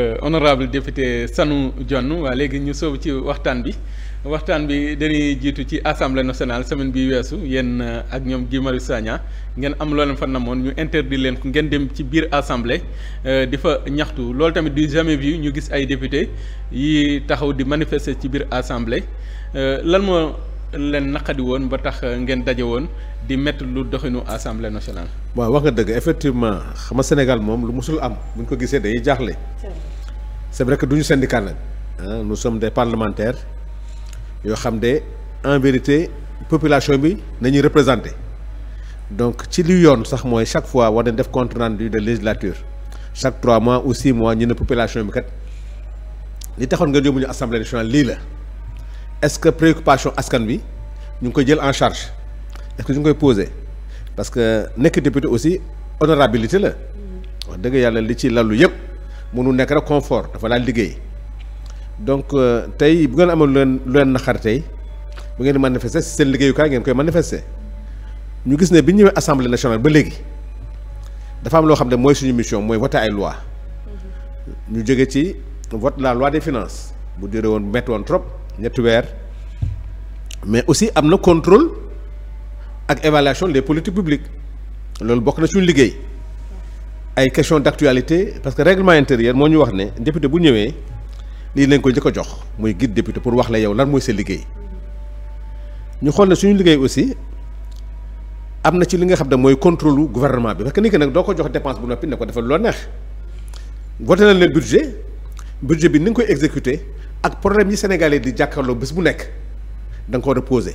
Euh, honorable député Sanu Dione waa léegi ñu soobu ci waxtaan bi waxtaan bi dañuy jiitu ci assemblée national semaine bi weesu yéen euh, ak ñoom Guy Marius ngeen am loo leen fa namoon ñu interdit leen ko ngeen dem ci biir assemblée euh, di fa ñaxtu loolu tamit du jamais vu ñu gis ay député yi taxaw di manifester ci biir assemblée lan moo leen naqadi woon ba tax euh, ngeen daje woon di mettre lu doxinu assemblée nationale. waaw wax nga dëgg effectivement xama Sénégal moom lu musul am mu ñu ko gisee dañuy jaaxle. c'est vrai que du ñu syndicat nag ah nous sommes des parlementaires yoo xam ne en vérité population bi nañuy représenter donc ci li yoon sax mooy chaque fois war nañ def compte rendu de législature chaque trois mois ou six mois ñu ne population bi kat li taxoon nga yóbbu ñu assemblée nationale lii la. est-ce que préoccupation askan bi ñu ngi koy jël en charge est-ce ñu koy posé parce que nekk député aussi honorabilité la wax dëgg yàlla li ci lalu yëpp mënu nekk rek confort dafa laal liggéey donc euh, tey bu ngeen amoon lu leen lu leen tey bu ngeen di manifester si seen liggéeyukaay ngeen koy manifester ñu gis ne bi ñu ñëwee assemblée nationale ba léegi dafa am loo xam ne mooy suñu mission mooy voter ay loi ñu jóge ci vote la loi des finance bu duré woon métti woon trop ñetti weer. mais aussi am na contrôle ak évaluation des politiques publiques loolu bokk na suñu liggéey ay question d'actualité parce que règlement intérieur moo ñu wax ne député bu ñëwee lii leen ko njëkk a jox muy guide député pour wax la yow lan mooy sa liggéey ñu xool ne suñu liggéey aussi am na ci li nga xam ne mooy contrôle lu gouvernement bi parce que nit ki nag doo ko jox dépense bu noppi ne ko defal loo neex voté nañ leen budget budget bi ni nga koy exécuté ak problème yi Sénégalais di jàkkaarloo bés bu nekk. da nga ko reposer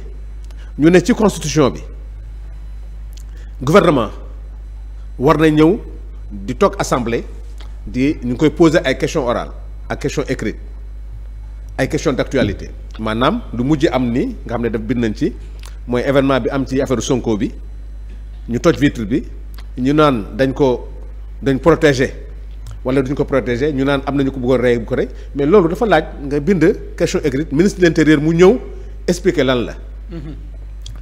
ñu ne ci constitution bi gouvernement war na ñëw di toog assemblée di ñu ngi koy poser ay questions orale ak question écrites ay question d'actualité maanaam lu mujj am ni nga xam ne daf bind nañ ci mooy événement bi am ci affaire Sonko bi ñu toj vitre bi ñu naan dañ ko dañ protéger wala dañ ko protéger ñu naan am nañu ko bëggoon rey bu ko rey mais loolu dafa laaj nga bind question écrite ministre de l'intérieur mu ñëw expliquer lan la.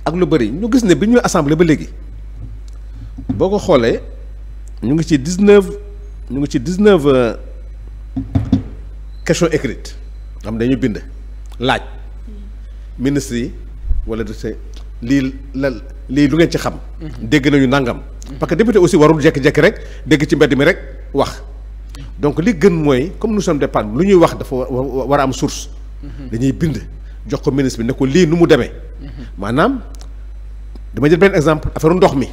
ak lu bari ñu gis ne bi ñuy assemblée ba léegi boo ko xoolee ñu ngi ci dix neuf ñu ngi ci dix neuf euh, questions écrites xam dañu bind laaj ministre yi wala de se lii la lii lu ngeen ci xam. dégg nañu nangam. parce que député aussi warul jékki-jékki rek dégg ci mbedd mi rek wax donc li gën mooy comme nous sommes des lu ñuy wax dafa war a am source. dañuy bind. jox ko ministre bi ne ko lii nu mu demee. maanaam dama jël benn exemple affaire ndox mi.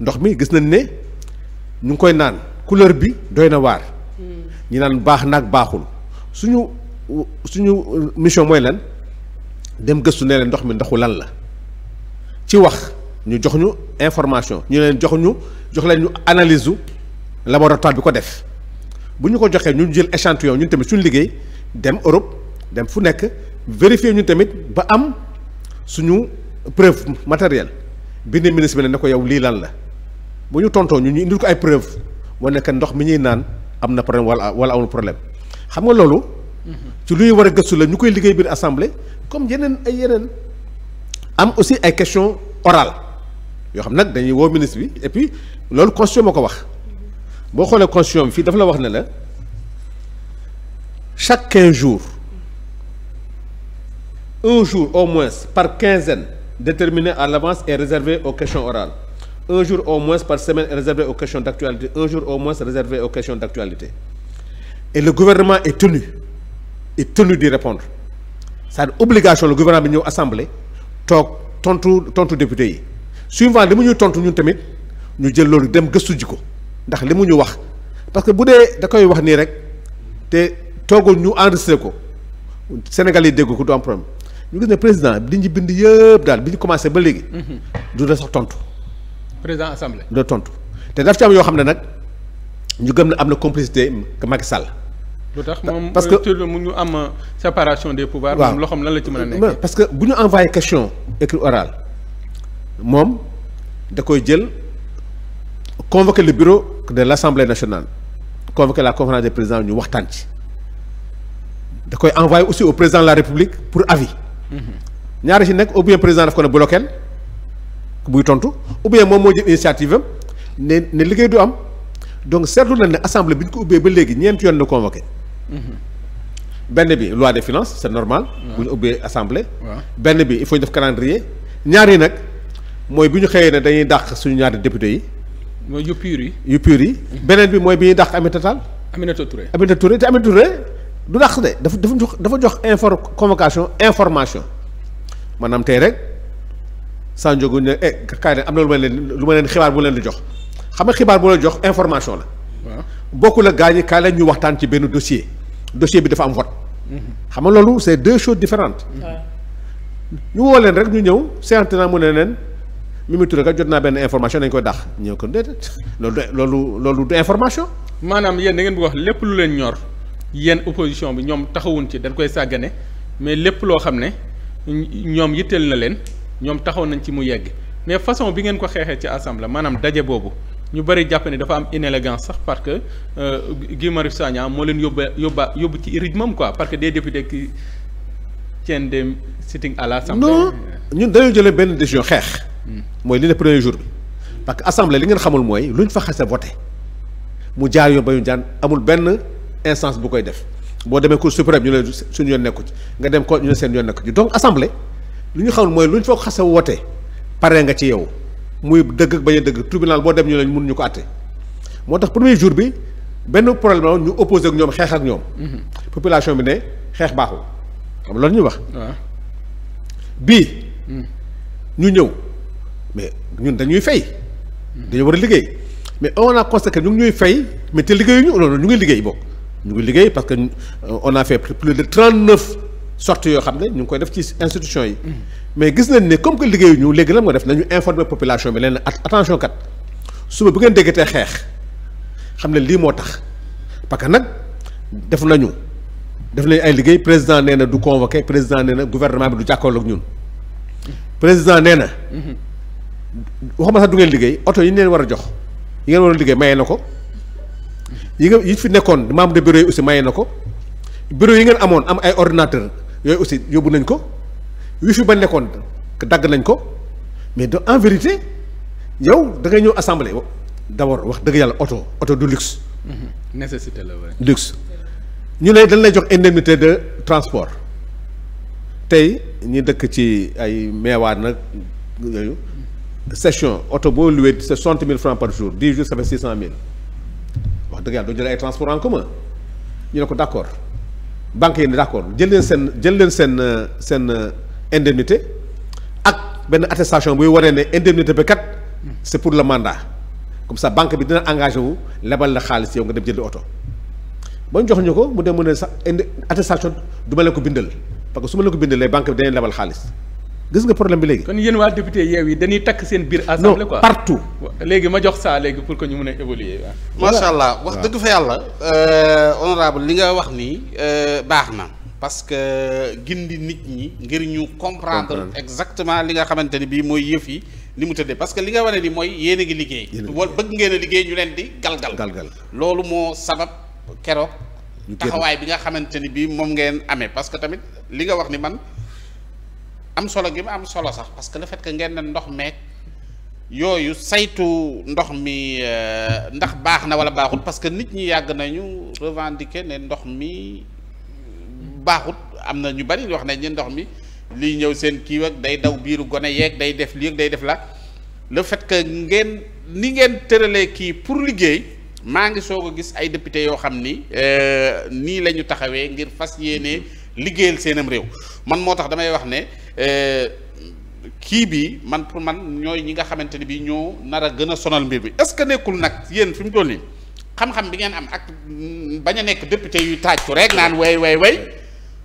ndox mi gis nañ ne ñu ngi koy naan couleur bi doy na waar. ñi naan baax naag baaxul suñu suñu mission mooy lan dem gëstu ne leen ndox mi ndoxu lan la ci wax ñu jox ñu information ñu leen jox ñu jox leen ñu analyse u laboratoire bi ko def bu ñu ko joxee ñu jël échantillon ñun tamit suñu liggéey dem Europe dem fu nekk. vérifier ñu tamit ba am suñu preuve bi ne ministre bi ne ne ko yow lii lan la bu ñu tontoo ñu ñu indil ko ay preuve moo nekk ndox mi ñuy naan am na problème wala wala amul problème xam nga loolu. Mhm. ci luy war a gëstu la ñu koy liggéey biir assemblée comme yeneen ay yeneen. am aussi ay questions orales yoo xam nag dañuy woo ministre bi et puis loolu constitution moo ko wax boo xoolee constitution bi fii dafa la wax ne la chaque quinze jours. un jour au moins par quinzaine déterminé à l'avance est réservé au questions orales un jour au moins par semaine est réservé aux questions d'actualité un jour au moins réservé aux questions d'actualité et le gouvernement est tenu est tenu d'y répondre c'est obligation le gouvernement bi ñëw assemblée toog tontu tontu député yi suivant li mu ñu tontu ñun tamit ñu jël loolu dem gëstu ji ko ndax li mu ñu wax parce que bu dee da koy wax nii rek te toogul ñu enregistré ko Sénégal yi dégg ko du ñu gis ne président di ñu bind yëpp daal bi ñu commencé ba léegi. Mhm. du da sax tontu. président assemblée. du da tontu te daf ci am yoo xam ne nag ñu gëm ne am na complicité Macky Sall. lu tax moom parce que mu am séparation des pouvoirs. waaw moom loxoom lan la ci mën a nekk. parce que bu ñu envoyé question écrit oral moom da koy jël convoquer le bureau de l'Assemblée nationale convoquer la conférence des présidents ñu waxtaan ci da koy envoyé aussi au président la République pour avis. ñaari si nekk ou bien président daf ko ne bloqueel buy tontu ou bien moom moo jël initiative ne ne liggéey du am donc seetlu na ne assemblée bi ñu ko ubbee ba léegi ñeenti yoon la convoqué. Mhm. benn bi loi de finance c'est normal. bu ñu ubbee assemblée. benn bi il faut ñu def calendrier. ñaar yi nag mooy bi ñu xëyee ne dañuy dàq suñu ñaari député yi. mooy yu pur yi. yu pur yi. Mhm. beneen bi mooy bi ñuy dàq Aminata Tall. Aminata Touré Aminata Touré te Aminata Touré. du dàq de dafa dafa jox dafa jox infor convocation information maanaam tey rek Sanjogu ne eh kaay leen am na lu ma leen lu ma leen xibaar bu leen di jox xam nga xibaar bu la jox information la. waaw bokkul ak gars yi kaay leen ñu waxtaan ci benn dossier dossier bi dafa am vote. xam nga loolu c'est deux choses différentes. ñu woo leen rek ñu ñëw séentu naa mu ne leen Mimi Touré kat jot naa benn information dañ koy dàq ñëw ko déedéet loolu de loolu loolu du information. maanaam yéen da ngeen bëgg wax lépp lu leen ñor. yéen opposition bi ñoom taxawuñ ci dañ koy sàggane mais lépp loo xam ne ñoom yitteel na leen ñoom taxaw nañ ci mu yegg mais façon bi ngeen ko xeexee ci assemblée maanaam daje boobu ñu bëri jàpp ne dafa am inélégance sax parce que euh, Guy Marius moo leen yóbba yóbba yóbbu ci rythme quoi parce que des députés qui tiennent des sitting à l'assemblée non ñun dañoo jëlee benn décision xeex. Hmm. mooy li ne premier jour parce que assemblée li ngeen xamul mooy luñ fa xase voté mu jaar ba ñu amul benn. instance bu koy def boo demee cour suprême ñu la suñu yoon nekku ci nga dem ko ñu ne seen yoon nekku ci donc assemblée lu ñu xam mooy lu ñu foog xase wootee pare nga ci yow muy dëgg ak dëgg tribunal boo dem ñu ne mun ñu ko àtte moo tax premier jour bi benn problème la ñu opposé ak ñoom xeex ak ñoom. Mhm. population bi ne xeex baaxul xam loolu ñuy wax. bi mhm. ñu ñëw mais ñun dañuy fay. Mhm. dañu war a liggéey mais on a constaté ñu ngi ñuy fay mais te liggéeyuñu ñu ngi liggéey bokk. ñu ngi liggéey parce que euh, on a fait plus de trente neuf sorties yoo xam ne ñu ngi koy def ci institution yi. mais gis nañ ne comme que liggéeyu ñu léegi lan moo def nañu informer population bi leen attention kat suba bu ngeen déggatee xeex xam ne lii moo tax parce que nag def nañu def nañu ay liggéey président nee na du convoqué président nee na gouvernement bi du jàkkaarloog ñun président nee na. Mm-hmm. waxuma sax du ngeen liggéey oto yi ñu war a jox yi ngeen war a liggéey maye na ko. yi nga yi fi nekkoon membre de bureau yi aussi maye na ko bureau yi ngeen amoon am ay ordinateur yooyu aussi yóbbu nañ ko fi ba nekkoon dagg nañ ko mais de en vérité yow da ngay ñëw assemblée d'abord wax dëgg yàlla oto oto du luxe. Mhm. nécessité la waaye. ñu ne dañ lay jox indemnité de transport tey ñi dëkk ci ay meewaar nag yooyu session oto boo loué soixante mille francs par jour dix jours ça six cent mille. wax dëgg yàlla doo jël ay transport en commun ñu ne ko d' accord banque yi ne d' accord jël leen seen jël leen seen euh, seen euh, indemnité ak benn attestation buy waree ne indemnité bi kat c' pour le mandat comme ça banque bi dina engagé wu lebal la xaalis yow nga dem jëndi oto ba ñu jox ñu ko mu dem mu ne sax indi attestation du ma leen ko bindal parce que su ma leen ko bindalee banque bi danañ lebal xaalis. gis nga problème bi léegi. kon yéen waa député yeew yi dañuy takk seen biir. assemblée quoi non partout. léegi ma jox saa léegi pour que ñu mën a évoluer waaw. macha allah wax dëgg fa yàlla. Euh, honorable li nga wax nii euh, baax na. parce que gindi nit ñi ngir ñu comprendre exactement li nga xamante ni bii mooy yëf yi ni mu tëddee parce que li nga wane ni mooy yéen ngi liggéey wal bëgg ngeen liggéey ñu leen di galgal loolu moo sabab keroog taxawaay bi nga xamante ni bii moom ngeen amee parce que tamit li nga wax ni man am solo gi mu am solo sax parce que le fait que ngeen ne ndox meeg yooyu saytu ndox mi euh, ndax baax na wala baaxut parce que nit ñi yàgg nañu revendiquer ne ndox mi baaxut am na ñu bari wax nañ ne ndox mi liy ñëw seen kii ak day daw biiru gone yeeg day def lii day def la le fait que ngeen ni ngeen tëralee kii pour liggéey maa ngi soo a gis ay député yoo xam ni euh, nii la ñu taxawee ngir fas yéenee liggéeyal seenam réew man moo tax damay wax ne euh, kii bi man pour man ñooy ñi nga xamante ni bi ñoo nar a gën a sonal mbir bi est-ce que nekkul nag yéen fi mu toll nii xam-xam bi ngeen am ak bañ a nekk député yu taaj ko rek naan way way way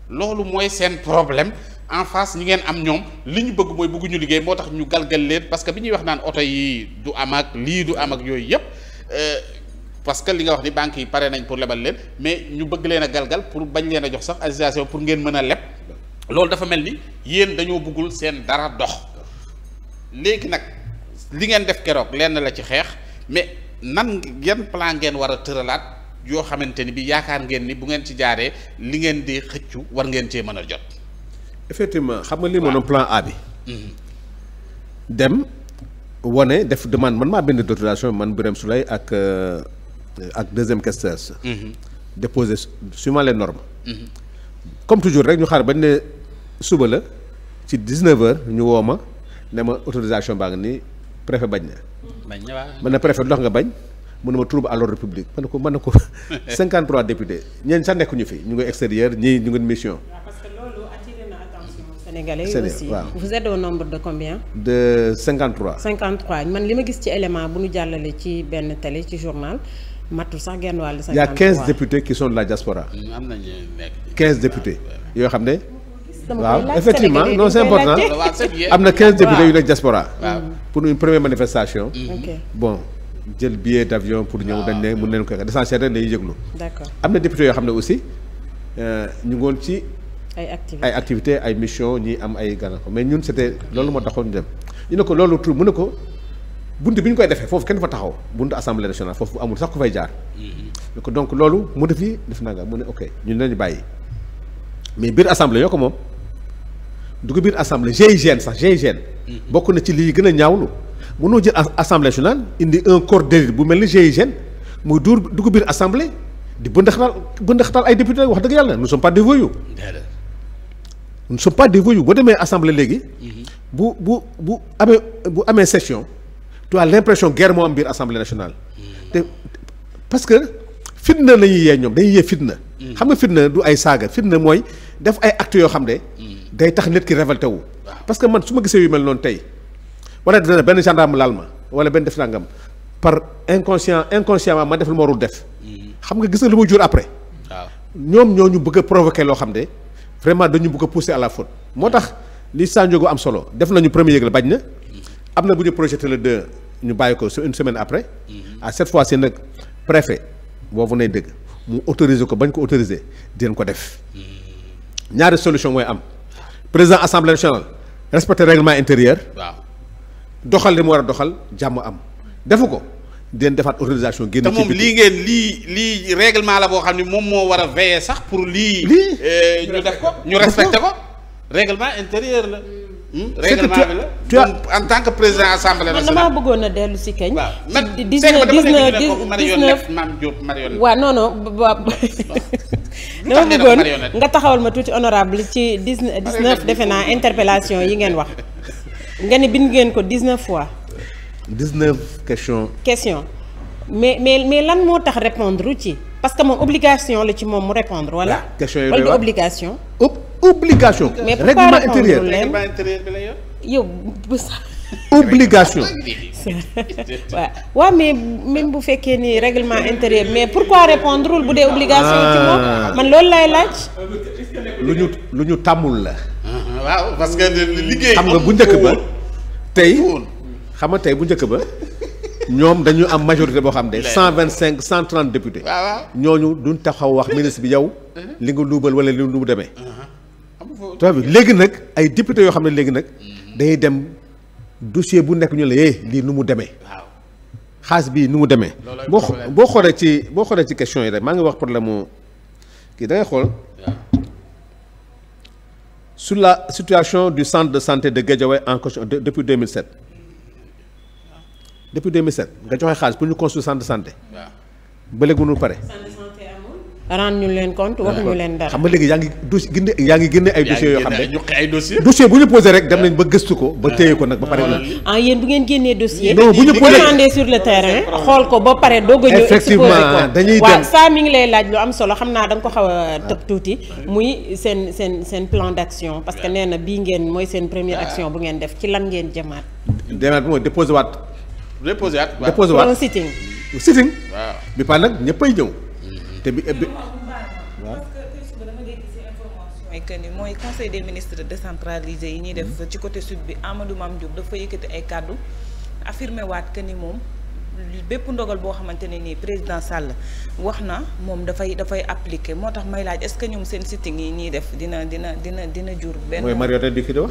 loolu mooy seen problème en face ñi ngeen am ñoom li ñu bëgg mooy bëgguñu liggéey moo tax ñu galgal leen parce que bi ñuy wax naan oto yi du am ak lii du am ak yooyu yëpp euh, parce que li nga wax ni banques yi pare nañ pour lebal leen mais ñu bëgg leen a galgal pour bañ leena a jox sax association pour ngeen mën a leb loolu dafa mel ni yéen dañoo bëggul seen dara dox léegi nag li ngeen def keroog lenn la ci xeex mais nan yan plan ngeen war a tëralaat yoo xamante ni bi yaakaar ngeen ni bu ngeen ci jaaree li ngeen di xëccu war ngeen cee mën a jot. effectivement xam nga li moom plan A bi. Mhm. dem wane def demande man maa bind d'autorisation man Birame Souleye ak. Euh, ak deuxième questeur. Mhm. déposé suivant les normes. comme toujours rek ñu xaar bañ ne suba la ci 19h ñu woo ma ne ma autorisation baa ngi nii préfet bañ na. bañ na waaw man dox nga bañ. mu ne ma trouble à l'ordre public man ko mën na ko 53 députés ñeen sax nekkuñu fi ñu ngi extérieur ñii ñu ngi mission. sénégalais yi aussi waaw. vous de combien. de man li ma gis ci élément bu ñu jàllale ci benn télé ci journal. matul sax genn wàll sa. y' a 15 députés qui sont de la diaspora. Mm, am nañu nekk 15 députés yoo xam ne. waaw effectivement non c'est important am na quinze députés yu nekk diaspora. Mm. pour nu première manifestation. Mm. bon jël billet d' pour ñëw dañ ne mën nañu ko l'essentiel rek dañuy yëglu. d'accord na députés yoo xam ne aussi euh, ñu ngoon ci. ay activités ay activités ay missions ñi am ay gànnaaw mais ñun c'était loolu moo taxoon ñu ñu ne ko loolu tur mu ne ko. bunt bi ñu koy defee foofu kenn fa taxaw buntu assemblée nationale foofu amul sax ku fay jaar. Mm-hmm. donc donc loolu mu def nii def nanga mu ne ok ne dañu bàyyi mais biir assemblée yoo ko moom du ko biir assemblée GIGN sax GIGN. Mm-hmm. bokk na ci lii gën a ñaawlu mënoo jël assemblée nationale indi un corps d'élite bu mel ni GIGN muy duur du ko biir assemblée di bëndaxtaal bëndaxtaal ay député wax dëgg yàlla nous ne sommes pas des voyous. nous ne sommes pas des voyous boo mm-hmm. bu bu bu amee bu tu as l'impression guerre moo am biir assemblée nationale. te parce que fitna la ñuy yee ñoom dañuy yee fitna. xam nga fitna du ay saaga fitna mooy def ay actes yoo xam ne. day tax nit ki révolté wu. parce que man su ma gisee yu mel noonu tey wala dina benn gendarme laal ma wala benn def nangam par inconscient inconsciemment ma def lu ma warul def. xam nga gis nga lu muy jur après. waaw ñoom ñoo ñu bëgg a provoqué loo xam ne vraiment dañu bëgg a pousser à la faute. moo tax li Sanjogo am solo def nañu premier yëg bañ na. am na bu projet projeté le deux ñu bàyyi ko une semaine après mm-hmm. à cette fois ci nag préfet boobu nay dëgg mu autoriser ko bañ ko autoriser dinañ ko def mm-hmm. ñaari solution mooy am président assemblée nationale respecter règlement intérieur. waaw doxal li mu war a doxal jàmm am defu ko. dinañ defaat autorisation génn. ci moom lii ngeen lii lii réglement la boo xam ne moom moo war a veiller sax pour lii. lii euh, ñu def ko ñu respecté ko. règlement intérieur la. Hmm? règlement bi tant que président assemblée nationale. man damaa bëggoon a dellu si kañ. waaw man Seck dama dégg ko marionnette maam Diop marionnette. waaw non non ba. dama bëggoon nga taxawal ma tuuti honorable ci dix defe naa interpellation yi ngeen wax nga ne bind ngeen ko dix neuf fois. dix neuf question question mais mais mais lan moo tax répondre ci parce que moom obligation la ci moom mu répondre wala. question yooyu wala obligation. obligation. règlement intérieur règlement intérieur bi la yor. yow bu sax. obligation. waaw mais même bu fekkee nii règlement intérieur mais pourquoi répondre bu dee obligation. ci moom ah. man loolu lay laaj. lu ñu lu ñu tàmmul la. Ah, waaw parce que liggéey. xam nga bu njëkk ba tey. xam nga tey bu njëkk ba. ñoom dañu am majorité boo xam ne cent vingt cinq cent trente députés. waaw waaw duñ taxaw wax ministre bi yow. Uh-huh. li nga luubal wala li mu demee. Uh-huh. tabi léegi nag ay député yoo xam ne léegi nag mm-hmm. dañuy dem dossier bu nekk ñu la yee eh, lii nu mu demee xaalis bii nu mu demee boo boo xoolee ci boo xoolee ci question yi rek maa ngi wax problème mu kii da xool sur la situation du centre de santé de Guédiawaye en question depuis 2007 depuis 2007 nga joxe xaalis bu ñu construire centre de santé ba léegi mënul pare rendre ñu leen compte wax leen dara. xam nga léegi yaa ngi dossier génne yaa ngi génne ay dossiers yoo xam ne dossier bu ñu posé rek dem nañ ba gëstu ko ba téye ko nag ba pare ah yéen ngeen génnee dossier non bu ñu demandé ko ba pare doog a effectivement dañuy dem saa mi ngi lay laaj lu am solo xam naa da ko xaw a tëb tuuti muy seen seen seen plan d'action parce que nee na bii ngeen mooy seen première action bu ngeen def ci lan ngeen jëmaat demaat bi mooy déposé waat déposé waat déposé waat sitting sitting bi pare nag ñëppay ñëw te bi ëpp. waaw que ni mooy conseil des ministres décentralisé yi ñuy def mm-hmm. ci côté sud bi Amadou Mame Diop dafa yëkkati ay kàddu affirmé waat que ni moom bépp ndogal boo xamante ne nii président Sall wax na moom dafay dafay appliqué moo tax may laaj est-ce que ñoom seen sitting yi ñuy def dina dina dina dina jur benn mooy Mariotte di fi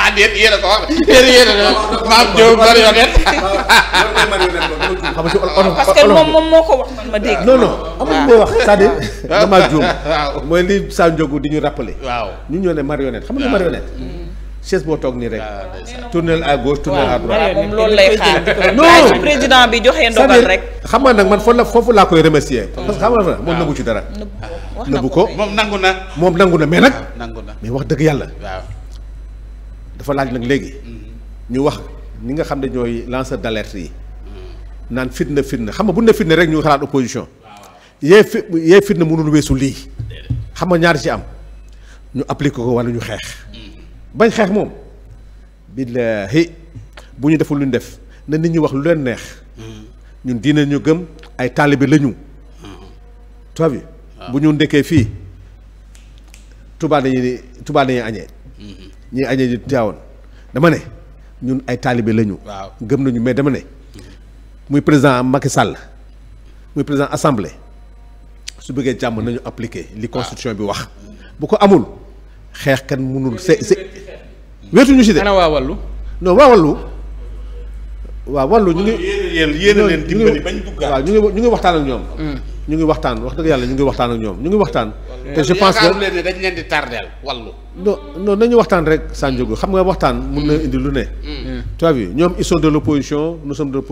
ah déet yéen ko wax yéen yéen a ko maam Diop marionnette. xam nga moom moo ko wax man ma dégg. non non amul may wax c'est-à-dire juum. mooy li saa Ndiogou di ñu rappeler. waaw ñu ñoo ne marionnette xam nga marionnette. Mm. chaise boo toog nii rek. tournel à gauche tournel à droite. moom loolu lay xaar. non président rek. xam nga nag man foofu la foofu laa koy remercier. parce que moom nangu ci dara. nëbbu ko moom na. moom nangu na mais nag. nangu na wax dëgg yàlla. dafa laaj nag léegi mm-hmm. ñu wax ñi nga xam ne ñooy lanceur d'alerte yi naan fitna fitna xam nga bu ne fitna rek ñu xalaat opposition yee fit yee fitna mënul weesu lii xam nga ñaar si am ñu appliqué ko wala ñu xeex mm-hmm. bañ xeex moom billahi bu ñu deful luñ def na nit ñi wax lu leen neex mm-hmm. ñun diine ñu gëm ay taalibe lañu ñu tu bu ñu ndekkee fii Touba dañuy Touba dañuy añee ñii añee ji dama ne ñun ay taalibe lañu. waaw gëm nañu mais dama ne. muy président Macky Sall muy président assemblée su bëggee jàmm nañu appliquer. li constitution bi wax. bu ko amul xeex kan munul c'est c'est wéetuñu si de. ana waa wàllu. non waa wallu waaw wàllu ñu ngi. yéen yéen leen ñu ngi ñu ngi waxtaan ak ñoom. Mm. ñu ngi waxtaan wax dëgg yàlla ñu ngi waxtaan ak ñoom ñu ngi waxtaan. te je pense que leen ne dañ leen di tardeel wallu. nañu waxtaan rek Sandiogou xam nga waxtaan mun na mm. indi lu ne. Mm. tu as ñoom ils de l' opposition nous sommes de l'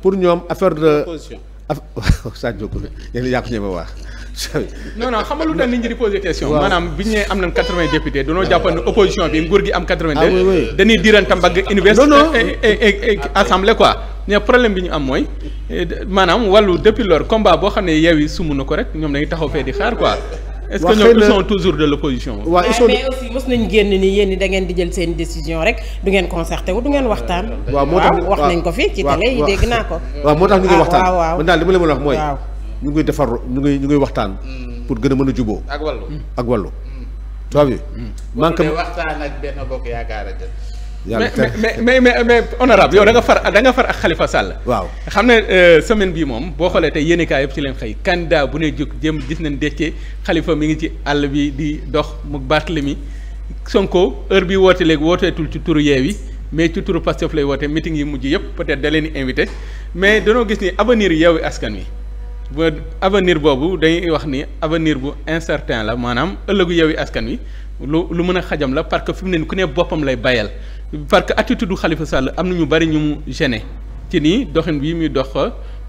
pour ñoom affaire de. waaw Sandiogou yéen a yàqu ñeme waax. non non xam nga lu tax nit ñi di poser question. maanaam bi ñu nee am nañ quatre-vingts députés dañoo jàppoon opposition bi nguur gi am quatre-vingt-deux. Ah dañuy diirante ah, mbagg mais problème bi ñu am mooy eh, maanaam wàllu depuis leur combat boo xam ne Yewwi sumu na ko rek ñoom dañuy taxaw fee di xaar quoi. est-ce que ñoom ils sont toujours de l'opposition. waaw ils sont mais aussi mos nañu génn ni yéen da ngeen di jël seen décision rek du ngeen concerté wu du ngeen waxtaan. waaw moo tax wax nañ ko fi ci télé yi dégg naa ko. waaw moo tax ñu ngi ah, waxtaan waaw waaw. man daal li ma leen mën a wax mooy. ñu ngi defar ñu ngi ñu ngi waxtaan. pour gën a mën a juboo. ak wàllu ak wàllu. Mm. tu ma vu. Mm. manque waxtaan ak benn bokk yaakaar yàlla mais mais mais mais honorable yow danga far da nga far ak Khalifa Sall. waaw xam ne euh, semaine bi moom boo xoolee tey yéen kaay yëpp ci leen xëy candidat bu ne jóg jëm gis nañ dekkee xalifa mi ngi ci àll bi di dox mu mi Sonko heure bi woote léegi wooteetul ci turu Yewwi mais ci turu Pastef lay woote meeting yi mujj yëpp peut-être da leen invité mais danoo gis ni avenir Yewwi Askan Wi. ba avenir boobu dañuy wax ni avenir bu incertain la maanaam ëllëgu Yewwi Askan Wi lu lu mën a xajam la parce que fi mu ne ku ne boppam lay bayal parce que attitude du Khalifa Sall am na ñu bari ñu mu gêné ci ni doxin bii muy dox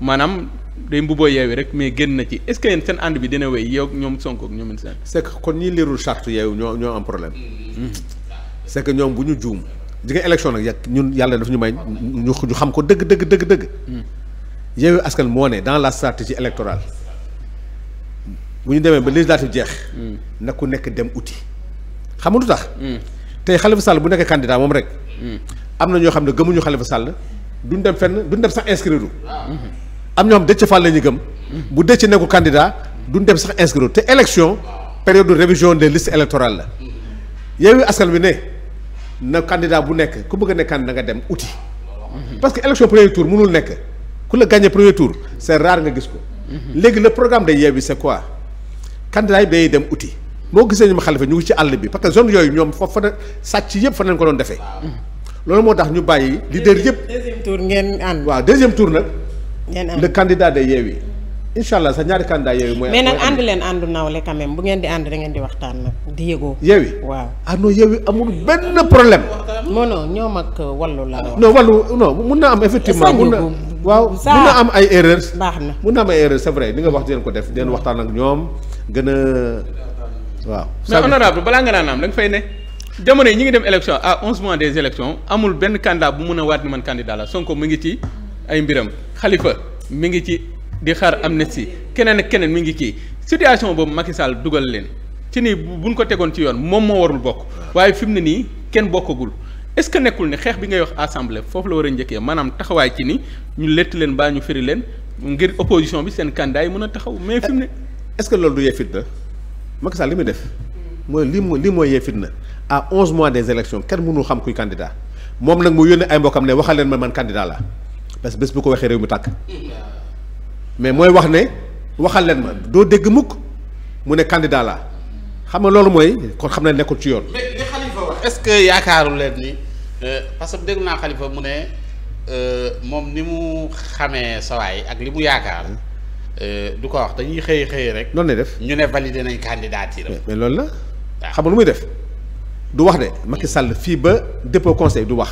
maanaam day mbubboo Yewwi rek mais génn na ci est-ce que yéen seen ànd bi dina wéy yow ñoom Sonko ak ñoom seen. c'est kon ñi liirul charte Yewwi ñoo ñoo am problème c'est ñoom bu ñu juum di nga élection nag yàgg ñun yàlla daf ñu may ñu xam ko dëgg dëgg dëgg dëgg. Yewwi Askan moo ne dans la stratégie électorale bu ñu demee ba législative jeex. Hmm. na ku nekk dem uti. xam nga lu tax. Hmm. tey Khalifa Sall bu nekkee candidat moom rek. Hmm. am na ñoo xam ne gëmuñu Khalifa Sall duñ dem fenn duñ dem sax inscrire ah. am ñoo xam Déthié Fall la ñu gëm. bu Déthié nekkul candidat duñ dem sax inscrire te élection période de révision des listes électorales la. Yewwi Askan bi ne na candidat bu nekk ku bëgg a nekk nga dem uti. parce que élection premier tour mënul nekk. ku la gagné premier tour c'est rare nga gis ko. léegi la programme de Yewwi c'est quoi. candidat yi day dem uti boo gisee ñu ma xalifa ñu ngi ci àll bi parce que zone yooyu ñoom foofu fa sàcc yëpp fa nañ ko doon defee. loolu moo tax ñu bàyyi. leader yëpp deuxième tour ngeen ànd. waaw deuxième tour nag. ngeen ànd le candidat de Yewwi. incha allah sa ñaari candidat Yewwi mooy. mais nag ànd leen àndu nawle quand même bu ngeen di ànd da di waxtaan nag di yëgoo. Yewwi waaw ah non problème. non non ñoom ak wallu la. non wallu non mun naa am effectivement mun na. waaw mun na am ay erreur baax na mun na am ay erreur c'est vrai li nga wax dinañ ko def dinañ waxtaan ak ñoom gën a waaw mais honorable balaa nga naan am da nga fay ne jamono yi ñi ngi dem élection à onze mois des élections amul benn candidat bu mën a waat ni man candidat la Sonko mi ngi ci ay mbiram Khalifa mi ngi ci di xaar amnistie keneen ak keneen mi ngi ci situation boobu Macky Sall dugal leen ci nii buñ ko tegoon ci yoon moom moo warul bokk waaye fi mu ne nii kenn bokkagul est-ce que nekkul ne xeex bi ngay wax assemblée foofu la war a njëkkee maanaam taxawaay ci ni ñu lett leen baa ñu firi leen ngir opposition bi seen candidat yi mën a taxaw mais fi mu ne. est que loolu du yee fitna Macky li muy def mooy li mu li mooy yee fitna à onze mois des élections kenn mënu xam kuy candidat moom nag mu yónnee ay mbokkam ne waxal leen ma man candidat la parce que bés bu ko waxee réew mi tàkk mais mooy wax ne waxal leen ma doo dégg mukk mu ne candidat la xam nga loolu mooy kon xam na nekkul ci yoon. mais ce que yaakaaru leen ni. Euh, parce que déglu naa Khalifa mu ne euh, moom ni mu xamee sawaay ak li mu yaakaar euh, du ko wax dañuy xëyee xëyee rek. noonu lay def ñu ne validé nañ candidature. mais loolu la. waaw xam lu muy def du wax de Macky Sall fii ba dépôt conseil du wax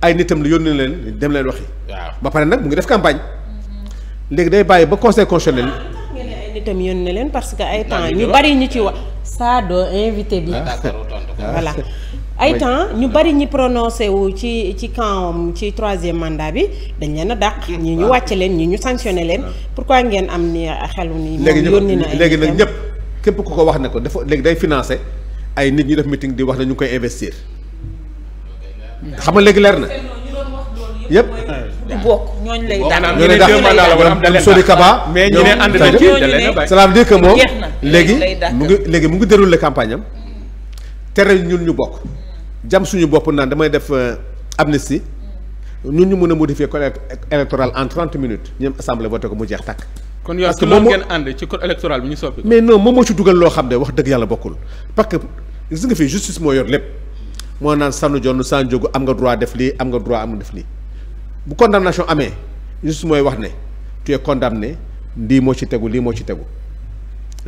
ay nitam la yónnee leen dem leen waxi. waaw ba pare nag mu ngi def campagne. léegi day bàyyi ba conseil constitutionnel. Ah, ay nitam leen parce que ay temps ñu bari ñu ci wax. saado invité bi. Ah, voilà. ay temps ñu bari ñi prononcé wu ci ci camp ci troisième mandat bi dañ leen a dàq. ñi ñu wàcc leen ñi ñu sanctionné leen. pourquoi ngeen am ni xelu léegi nag ñëpp képp ku ko wax ne ko dafa léegi day financé ay nit ñi def meeting di wax ne koy investir xam nga léegi leer na. yëpp du bokk ñooñu lay daan ñooñu lay daan Sori Kaba mais ñu ne ànd na ci cela veut dire que moom léegi mu ngi léegi mu ngi déroulé campagne am tere ñun ñu bokk jam suñu bopp naan damay def euh, amnistie nu ñu mun a modifier code électoral en trente minutes ñoom assemblée voté ko mu jeex tàkk. kon yow si loolu ngeen ànd ci code électoral bi ñu soppi mais non moom moo ci dugal loo xam ne wax dëgg yàlla bokkul parce que gis nga fi justice moo yor lépp moo naan sànnu jonn sànn jógu am nga droit def lii am nga droit am nga def lii bu condamnation amee justice mooy wax ne tu es condamné lii moo ci tegu lii moo ci tegu.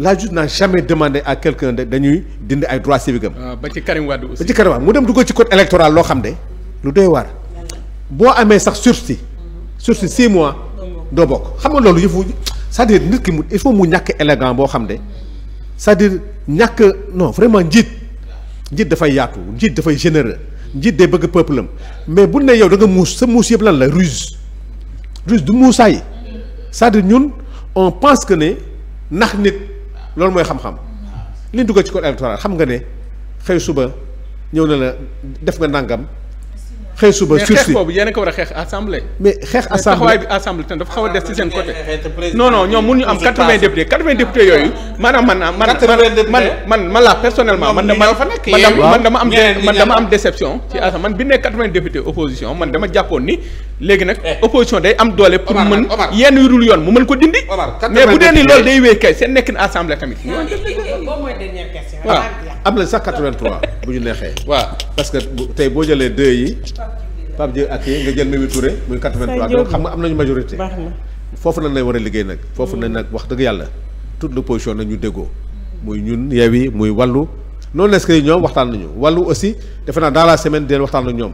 la justice n'a jamais demandé à quelqu'un de dañuy dindi ay droits civiques am. Euh, ba ci Karim Wade aussi ba ci Karim Wade mu dem dugg ci code électoral loo xam ne lu doy waar boo amee sax sursis sursis six mois doo bokk xam nga loolu yëfu cest à nit ki mu il faut mu ñàkk élégant boo xam ne cest à ñàkk non vraiment njiit njiit dafay yaatu njiit dafay généreux njiit day bëgg peuple am mais bu ne yow da nga muus sa muus yëpp lan la ruse ruse du muusaay c'est-à-dire ñun on pense que ne nax nit. loolu mooy xam-xam li ñu dugal ci code électoral xam nga ne xëy suba ñëw na la def nga nàngam. xëy suba sursis mais xeex boobu a a xeex assemblée. mais xeex assemblée mais dafa xaw a des ci seen côté. non non ñoom mënuñu am 80 députés 80 députés yooyu. maanaam man man man man man la personnellement. man dama man am déception. ci assemblée man bi nekk 80 députés opposition man dama jàppoon ni. léegi nag eh. opposition day am doole pour mën yenn yu dul yoon mu mën ko dindi mais bu dee ni loolu day wéy kay seen nekkin assemblée tamit waaw am na sax 83 bu ñu neexee waa parce que tey boo jëlee deux yi Pape Diop ak yi nga jël Mimi Touré muy 83 donc xam nga am nañu majorité foofu nañ lay war a liggéey nag foofu nañ nag wax dëgg yàlla tout toute l'opposition na ñu déggoo muy ñun Yewwi muy wàllu noonu est ñoom waxtaan nañu wàllu aussi defe naa dans la semaine dinañ waxtaan ak ñoom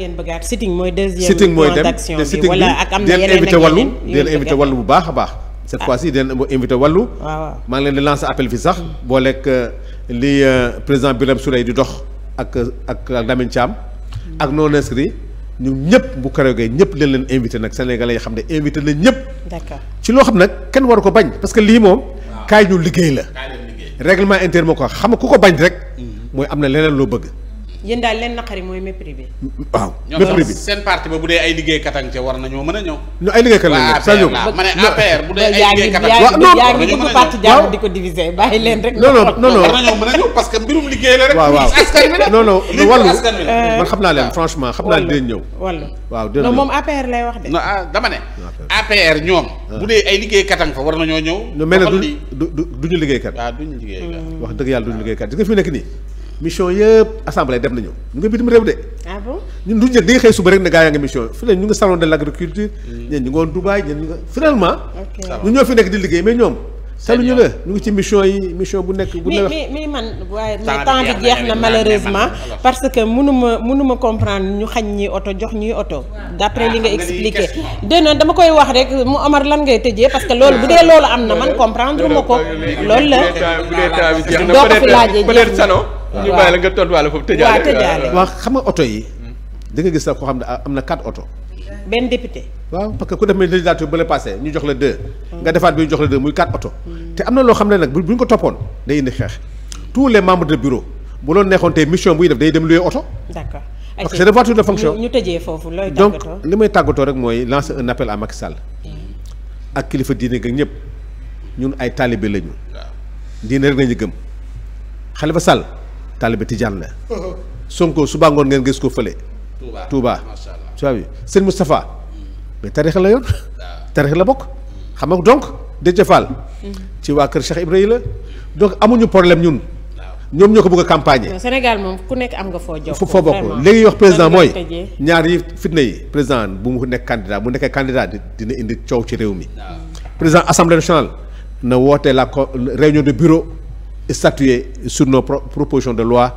ngeen bëggaat sitting mooy deuxième. sitting mooy dem te sitting bi deen invité wàllu deen invité wàllu bu baax a baax. cette ah. fois-ci deen invité wàllu. Ah, waaw maa ngi leen di lancer appel fi sax. boo lekk euh, li euh, président Birame Souleye di dox ak ak ak Lamine Thiam. ak non inscrit ñu ñëpp bu keroogee ñëpp leen leen invité nag sénégalais yi xam ne invité lañ ñëpp. d'accord ci loo xam nag kenn waru ko bañ parce que lii moom. kaay ñu liggéey la. règlement intérieur moo ko xam ku ko bañ rek. Mm-hmm. mooy am na leneen loo bëgg. yéen daal leen naqari mooy mépris bi. waaw mépris bi seen parti ba bu dee ay liggéey ak ca war nañoo mën a ñëw. ñu ay ko leen rek. parce que mbirum liggéey la rek. waaw waaw askan wi la non non wàllu euh, man xam naa leen franchement xam naa dinañ ñëw. wàllu waaw dinañ non moom APR lay wax de. non ah, dama ne. APR ñoom. Ah. bu dee ay liggéeykat ak fa war nañoo ñëw. ñu mel ne duñu liggéeykat. Ah, duñu liggéeykat. Hmm. wax dëgg yàlla duñu liggéeykat gis nga fi nekk nii mission yëpp assemblée dem nañu ñu ngi bitim réew de. ah bon ñun du ñu di nga xëy suba rek ne gaa yaa ngi mission fi ne ñu ngi salon de l' agriculture. Mm. ñeen ñu Dubaay ñeen ñu ngi finalement. ñu ñoo fi nekk di liggéey mais ñoom. saluñu la ñu ngi ci mission yi mission bu nekk. bu ne mais mais man waaye mais temps bi jeex na malheureusement parce que mënuma mënuma comprendre ñu xañ ñi oto jox ñuy oto. d'après ah, li nga expliqué. dina dama koy wax rek mu Omar lan ngay tëjee parce que loolu bu am na man comprendre ko. loolu la doo ko fi ñu bàyyi la nga tontuwaale foofu tëjaale. waaw xam nga oto yi. da nga gis sax koo xam ne am na quatre oto. benn député. waaw parce que ku demee législature ba la passé ñu jox la deux. nga defaat bi ñu jox la deux muy quatre oto. te am na loo xam ne nag bu ñu ko toppoon day indi xeex tous les membres de bureau bu loolu neexoon tey mission buy def day dem luy oto. d'accord parce que c'est des voitures foofu looy donc li may tàggatoo rek mooy lancer un appel à Macky Sall. ak kilifa diine ga ñëpp ñun ay taalibe lañu. diine rek nañu gëm Khalifa sal taalibe tijaan la. Sonko suba ngoon ngeen gis ko fële. Touba Touba. macha allah tu vois hmm. mais tarix la yoon. tarix la bokk. Hmm. xam nga donc Déthié Fall. Hmm. ci waa kër Cheikh Ibrahima la. donc amuñu problème ñun. ñoom ñoo ko bëgg a campagne. Sénégal ku nekk am nga foo jox foo bokk léegi wax président mooy ñaar yi fitna yi président bu mu nekk candidat mu nekkee candidat dina indi coow ci réew mi. président assemblée nationale na woote la réunion de bureau. statuer sur nos propositions de loi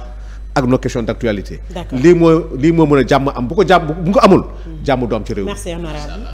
ak nos questions d'actualité lii moo lii moo mën a jàmm am bu ko jàmm bu ko amul mm. jàmm du am ci réew mi